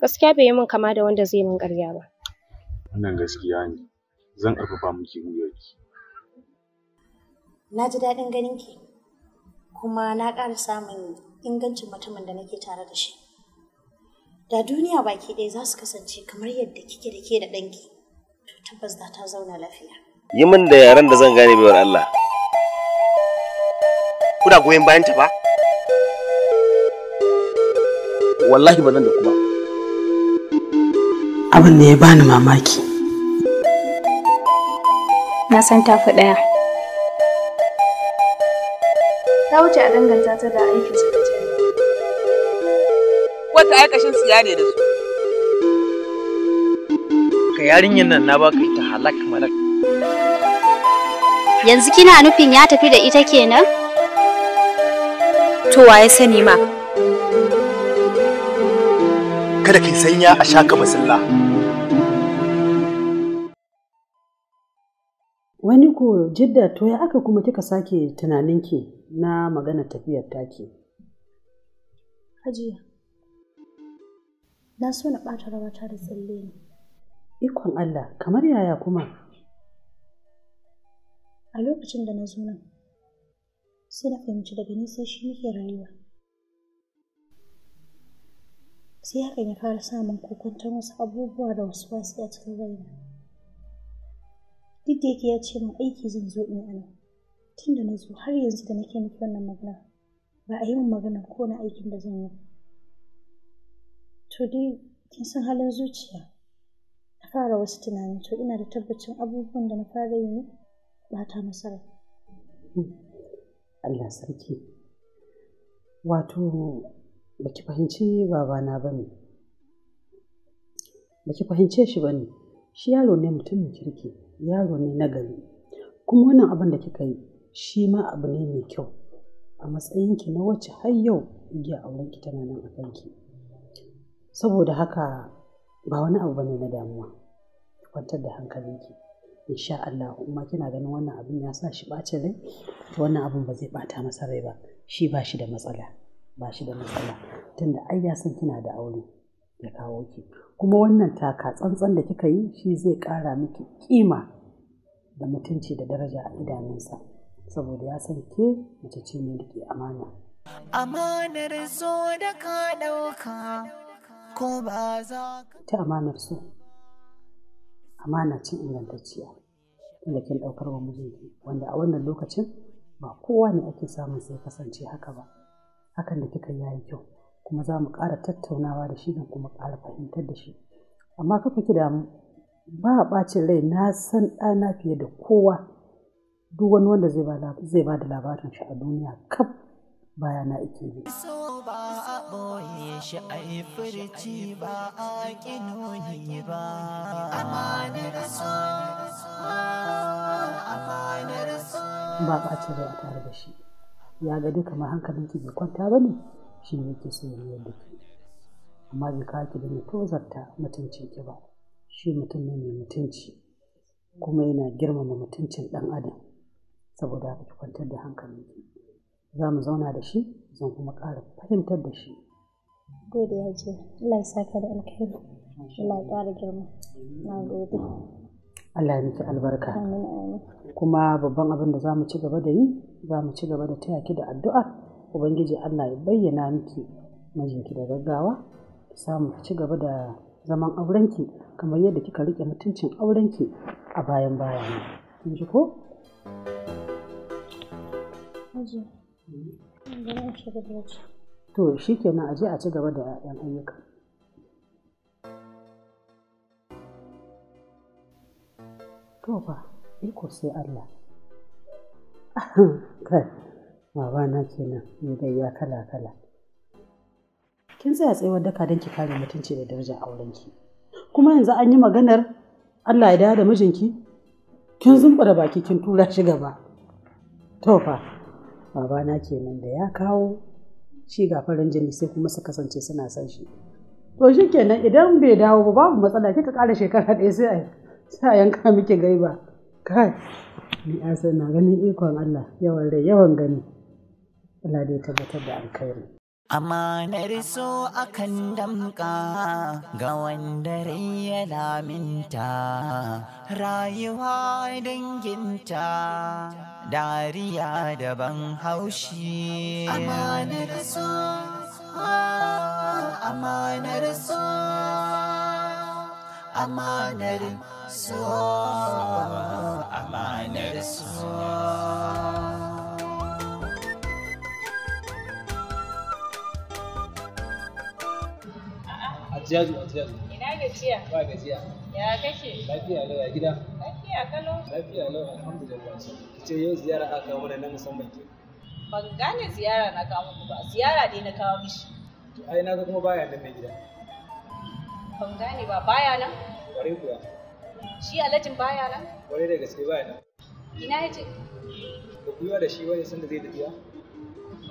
gaskiya bai yi min kama da wanda zai min ƙarya ba wannan gaskiya ne zan ƙarfafa miki gwiwarki na ji daɗin ganin ki kuma na ƙara samun ingancin mutumin da nake tare da shi da duniya baki ɗaya za su kasance kamar yadda kike da ke da ɗanki to tabbas da ta zauna lafiya yi min da yaren da zan gane baiwar Allah kuna goyon bayan ta ba wallahi ba nan da kuma abin da ya bani mamaki na san tafi ɗaya ta wuce a danganta ta da aikin su da jami'a wata aikashin siya ne da su ka yarinyar nan na baka ita halak malak yanzu kina nufin ya tafi da ita kenan to wa ya sani ma kada ki sanya a shaka masalla wani ko jidda to ya aka kuma kika sake tunaninki na magana tafiyar taki hajiya na so na ɓata ta da tsalle ne ikon allah kamar yaya kuma a lokacin da na zo nan sai na fahimci daga ni shi muke rayuwa sai haka ya fara samun kokuntar wasu abubuwa da wasu wasu a cikin raina duk da yake ya ce min aiki zan zo in ana tun da na zo har yanzu da nake miki wannan magana ba a yi min magana ko na aikin da zan yi to dai kin san halin zuciya na fara wasu tunani to ina da tabbacin abubuwan da na fara yi ne ba ta masarar Allah sarki wato baki fahimci babana ba ne baki fahimce shi ba ne shi yaro ne mutumin kirki yaro ne na gari kuma wannan abin da kika yi shi ma abu ne mai kyau a matsayinki na wacce har yau igiya aurenki tana nan a kanki saboda haka ba wani abu ne na damuwa kwantar da hankalinki insha Allah kuma kina ganin wannan abin ya sa shi bacin rai to wannan abin ba zai ɓata masa rai ba shi ba shi da matsala ba shi da matsala tunda ai ya san kina da aure ya kawo ki kuma wannan taka tsantsan da kika yi shi zai kara miki kima da mutunci da daraja a idanunsa saboda ya san ke mace ce mai dake amana amanar zo da ka dauka ko ba za ka ta amanar so amana ce ingantacciya lakin ɗaukar wa mijinki wanda a wannan lokacin ba kowa ne ake samun sai kasance haka ba hakan da kika yi yayi kyau kuma za mu ƙara tattaunawa da shi da kuma ƙara fahimtar da shi amma kafa ki damu ba a ɓacin rai na san ɗana fiye da kowa duk wani wanda zai ba da labarin shi a duniya kaf baya na ike ne. So ba a shi a ba a ba ɓacin rai a tare da shi ya ga duka ma ki bai kwanta ba ne shi ne yake so ya yadda ki amma bai kawo ki da ne tozarta mutuncin ki ba shi mutum ne mai mutunci kuma yana girmama mutuncin ɗan adam saboda haka ki kwantar da ki za mu zauna da shi zan kuma ƙara fahimtar da shi gode ya ce Allah ya ka da alkhairi Allah ya ƙara girma na gode Allah ya miki albarka kuma babban abin da za mu ci gaba da yi za mu ci gaba da taya ki da addu'a ubangiji Allah ya bayyana miki mijinki da gaggawa samu ci gaba da zaman aurenki kamar yadda kika rike mutuncin aurenki a bayan baya ne kin ji ko to aje a ci gaba da 'yan ayyuka To ba, iko sai Allah. Kai, babana kenan, ni dai ya kala-kala. Kin tsaya tsayuwar daka don ki kare mutunci da darajar aurenki. Kuma yanzu an yi maganar Allah ya dawo da mijinki? Kin zumbura baki kin tura shi gaba. To fa, babana kenan da ya kawo shi ga farin jini sai kuma su kasance suna son shi. To shi kenan idan bai dawo ba babu matsala kika ƙara shekara ɗaya sai a ta yanka miki gaiba kai ni an san na ganin ikon Allah yawan rai yawan gani Allah dai tabbatar da alkhairi Amanar so akan damka ga wanda rai ya laminta rayuwa danginta dariya da ban haushi. Amanar so, ah, amanar so. amanar su amanar su Ajiyaju, Ina gajiya? Ba gajiya. Ya kake? Lafiya lau ya gida. Lafiya Lafiya lau alhamdulillah. Ce yau ziyara aka kawo musamman ke. Ban gane ziyara na kawo muku ba, ziyara ne na kawo mishi. ai na ga kuma baya nan na gida. Ban gane ba baya nan? Kwarai kuwa. Shi alajin baya nan? Kwarai da gaske baya nan. Ina yaje? Ba ku yi da shi wani sanda zai tafiya?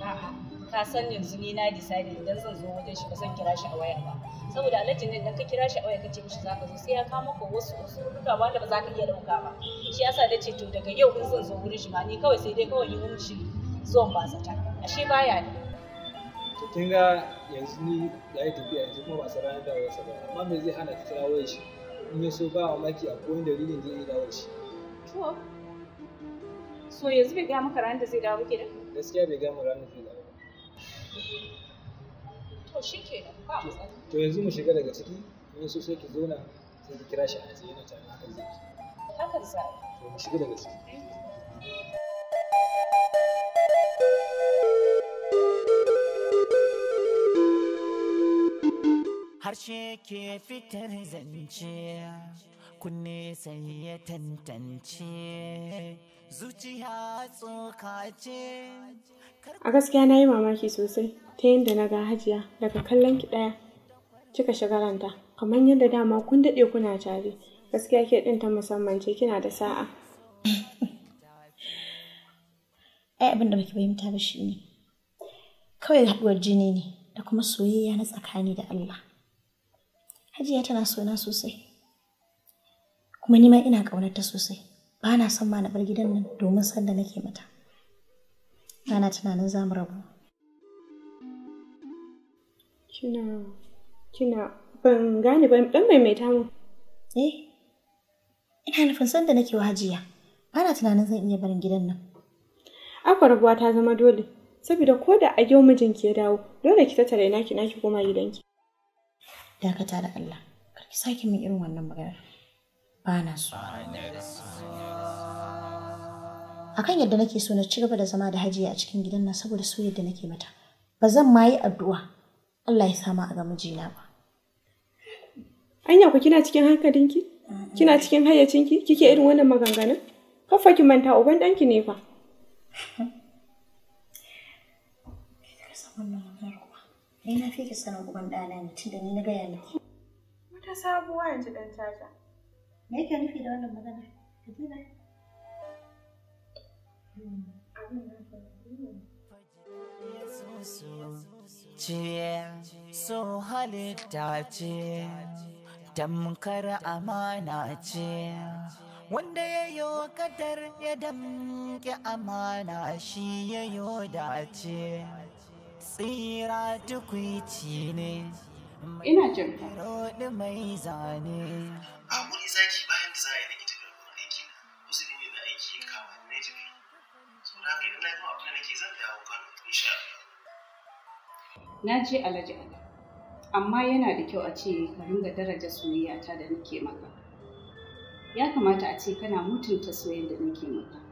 A'a, ka san yanzu ni na decide idan zan zo wajen shi ba zan kira shi a waya ba. Saboda alajin nan da ka kira shi a waya kace mishi zaka zo sai ya kama ko wasu wasu rubuta wanda ba za ka iya dauka ba. Shi yasa da ce to daga yau in zan zo wurin shi ma ni kawai sai dai kawai yi shi zuwan ba zata. Ashe baya ne. to ga yanzu ni ya yi tafiya yanzu kuma ba su ranar da sa ba amma me zai hana ki kira shi in ya so ba mamaki a kowane dalilin zai dawo shi to so yanzu bai gaya maka ranar da zai dawo kenan gaskiya bai gaya mu ranar da zai dawo to shi kenan ba matsala to yanzu mu shiga daga ciki in ya so sai ki zauna sai ki kira shi a tsaye na tare hakan zai hakan zai to mu shiga daga ciki harshe ke fitar zance kunne sai ya tantance zuciya tsoka a gaskiya na yi mamaki sosai ta yadda na ga hajiya daga kallon ki daya kika shigaranta kamar yadda dama kun daɗe kuna tare gaskiya ke ɗin ta musamman ce kina da sa'a ai abin da baki fahimta ba shi ne kawai haɗuwar jini ne da kuma soyayya na tsakani da Allah Hajiya tana sona sosai. Kuma ni ma ina ƙaunarta sosai. Ba na son ma na bar gidan nan domin san da nake mata. Ba na tunanin za mu rabu. Kina, kina ban gane ba dan maimaita mu. Eh, ina nufin san da nake wa hajiya. Ba na tunanin zan iya barin gidan nan. Akwa rabuwa ta zama dole. Saboda ko da a yau mijinki ya dawo, dole ki tattara ina ki naki koma gidanki. dakata da Allah karki sake min irin wannan magana ba na so akan yadda nake so na ci gaba da zama da hajiya a cikin gidan nan saboda so yadda nake mata ba zan ma yi addu'a Allah ya sama a ga mijina ba anya ku kina cikin hankalinki kina cikin hayyacinki kike irin wannan maganganun kafa ki manta uban danki ne fa Ni na fi ki sanin uban ɗana ne da ni na gaya miki. Wata sabuwa yanzu ɗan caca. Me yake nufi da wannan magana? Kadina. Ce so halitta ce, tamkar amana ce, wanda ya yi kadar ya damke amana shi ya yi dace. tsira duk tukwici ne ina jin rodi mai zane a guri zaki bayan da za a yi nake tafiya gurin aiki wasu ne mai aiki ya kama na tafi sau da haka idan na gama abin da nake zan dawo kano insha na je alhaji ala amma yana da kyau a ce ka ringa daraja soyayya ta da nake maka ya kamata a ce kana mutunta soyayya da nake maka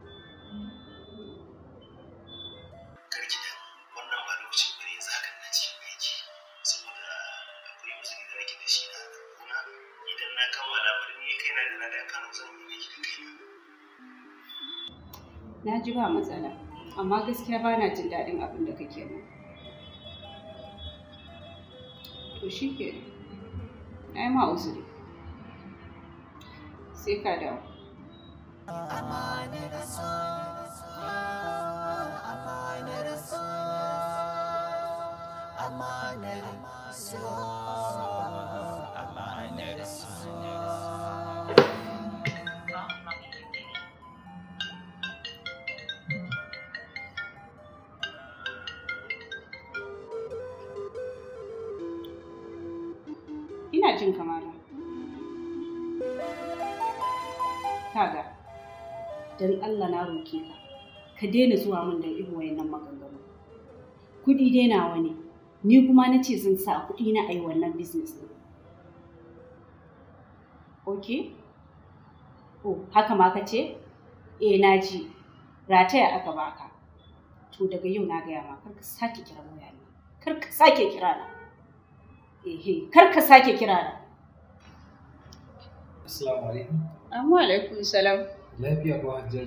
ba matsala amma gaskiya ba na jin daɗin abin da kake mu to shi ke na yi ma uzuri sai ka dawo Amanar so, da so. ga don Allah na roke ka ka daina zuwa min da irin wayannan maganganu kuɗi dai nawa ne ni kuma na ce zan sa kuɗi na ayi wannan business ne. ok oh haka ma ka ce eh na ji rataya aka baka to daga yau na gaya ma kar ka sake kira waya ne kar ka sake kira na eh kar ka sake kira na assalamu alaikum Amma alaikun salam. Lafiya ko hajjar?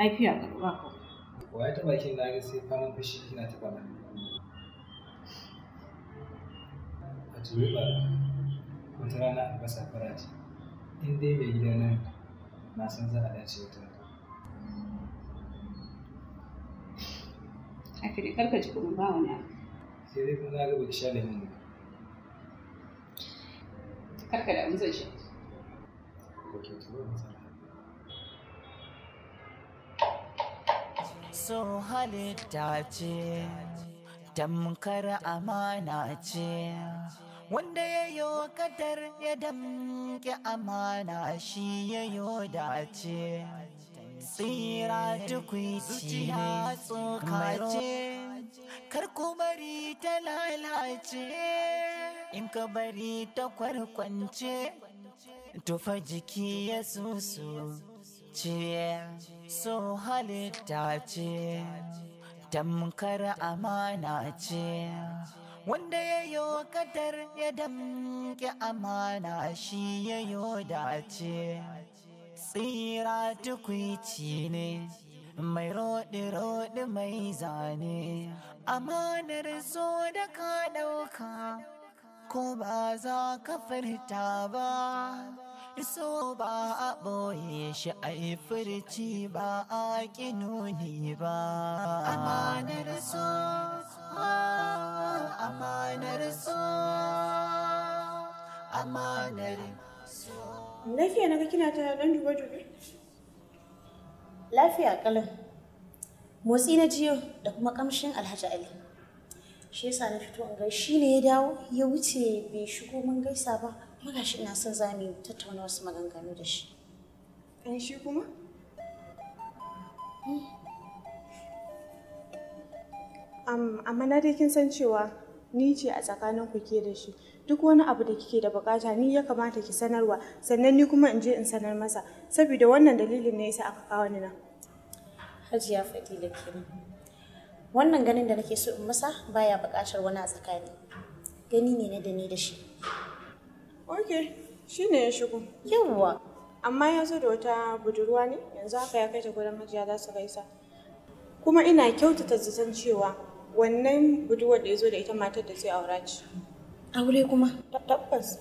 Lafiya ka ba ku. Wa ya taɓa kin na sai farin fushi kina taɓa ba. A turi ba wata rana a fara ce. In dai mai gida nan na san za a dace wata rana. A kare karka ji kuma ba wani abu. Sai dai kuma na ga baki sha da yin Karka da amsa shi. So halitta ce, tamkar amana ce, wanda ya yi kadar ya damke amana shi ya yi dace. Tsira tukwici ya tsoka ce, kar ku bari ta lalace, in ka bari ta kwarkwance. tufa jiki ya susu ce so halitta ce tamkar amana ce wanda ya yi kadar ya damke amana shi ya yi dace tsira tukwici ne mai roɗi-roɗi mai zane amanar zo da ka ɗauka ko ba za ka furta ba so ba a ɓoye shi a yi furci ba a ƙinoni ba amanar so amanar so amanar so lafiya na ga kina ta dan duba dubi lafiya kalin motsi na jiyo da kuma kamshin alhaji ali shi yasa na fito in shi ne ya dawo ya wuce bai shigo mun gaisa ba kuma gashi ina son za mu tattauna wasu maganganu da shi an shi kuma hmm. amma na dai kin san cewa ni ce a tsakanin ku ke da shi duk wani abu da kike da bukata ni ya kamata ki sanarwa sannan ni kuma in je in sanar masa saboda wannan dalilin ne yasa aka kawo ni nan hajiya fadila kenan wannan ganin da nake so in masa baya bukatar wani a tsakani gani ne na dani da shi Okay, shi ne ya shigo yawwa amma ya zo da wata budurwa ne yanzu haka ya kai ta gudan hajiya za su gaisa kuma ina kyautata zaton cewa wannan budurwar da ya zo da ita matar da zai aura ci aure kuma tabbas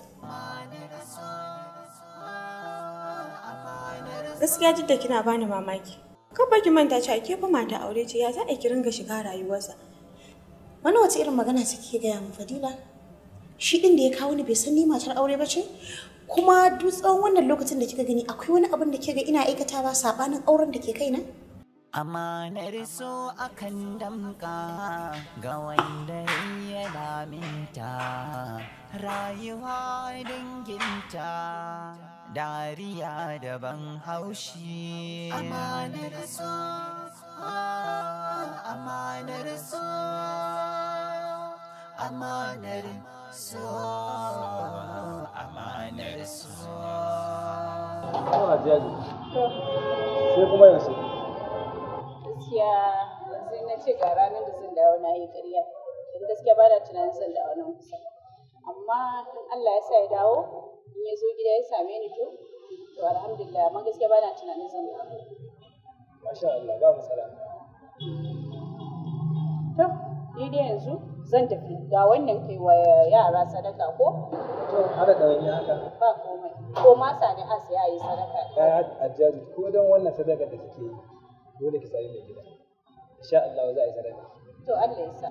gaskiya jidda kina bani mamaki Kabba ki manta cewa ke fa mata aure ce ya za a ki ringa shiga rayuwarsa. Wani wace irin magana suke gaya yamu Fadila? Shi din da ya kawo ni bai san ni matar aure ba ce? Kuma duk tsawon wannan lokacin da kika gani akwai wani abin da kika ina aikata ba sabanin auren da ke kaina? Amanar so akan damka ga wanda ya laminta rayuwa danginta. dariya da zan dawo na yi ƙarya gaskiya ba amma Allah ya sa ya dawo in ya zo gida ya same ni to to alhamdulillah amma gaskiya bana tunanin zan yi. masha Allah ba matsala to ni yanzu zan tafi ga wannan kai wa yara sadaka ko to har da wani haka ba komai ko masa ne a sai ayi sadaka ta ajjaji ko don wannan sadaka da kike yi dole ki sai da gida insha Allah za a yi sadaka To kake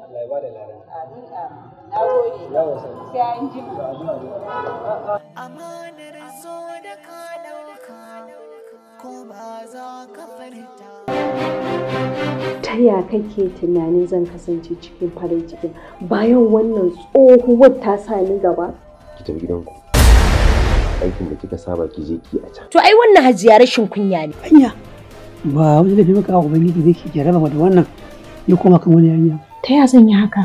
tunanin zan kasance cikin farin cikin bayan wannan tsohuwar ta sa gaba? Ki tafi gidanku. Aikin da kika saba ki je ki a can. To ai wannan hajiya rashin kunya ne. Anya ba wani da fi maka ubangiji zai ki jaraba da wannan. ya koma kan wani yarinya ta ya zan yi haka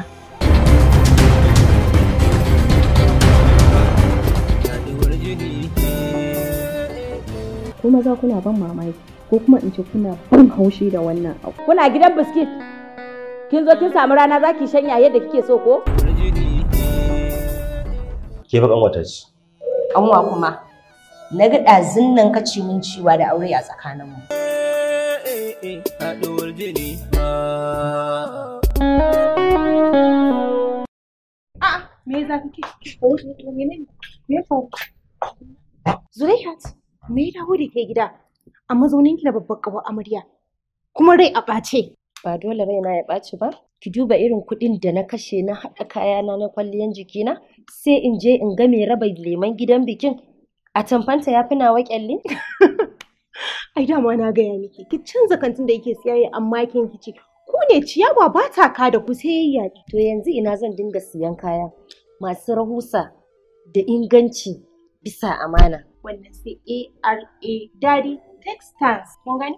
ko maza kuna ban mamaki ko kuma in ce kuna ban haushi da wannan abu kuna gidan biskit kin zo kin samu rana zaki shanya yadda kike so ko ke fa wata ce kanwa kuma na ga ɗazin nan ka ce ciwa da aure a tsakaninmu. Eh, eh, eh, bini ah, me za ka ke me faru Zulaihat me ya da ke gida a mazaunin ki da babbar kawo amarya kuma rai a ɓace ba dole raina ya ɓaci ba ki duba irin kuɗin da na kashe na haɗa kayana na kwalliyan jikina sai in je in ga mai raba leman gidan bikin a tamfanta ya fi nawa ƙyalli ai dama na gaya miki ki canza kantin da yake siyayya amma kin kici ku ne ciyawa ba ta ka da ku yayya to yanzu ina zan dinga siyan kaya masu rahusa da inganci bisa amana wannan sai ARA Daddy Textiles kun gani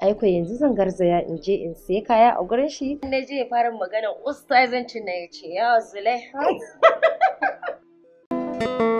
aiko yanzu zan garzaya in je in sai kaya a gurin shi na je ya fara magana ustazancin na ya ce ya zule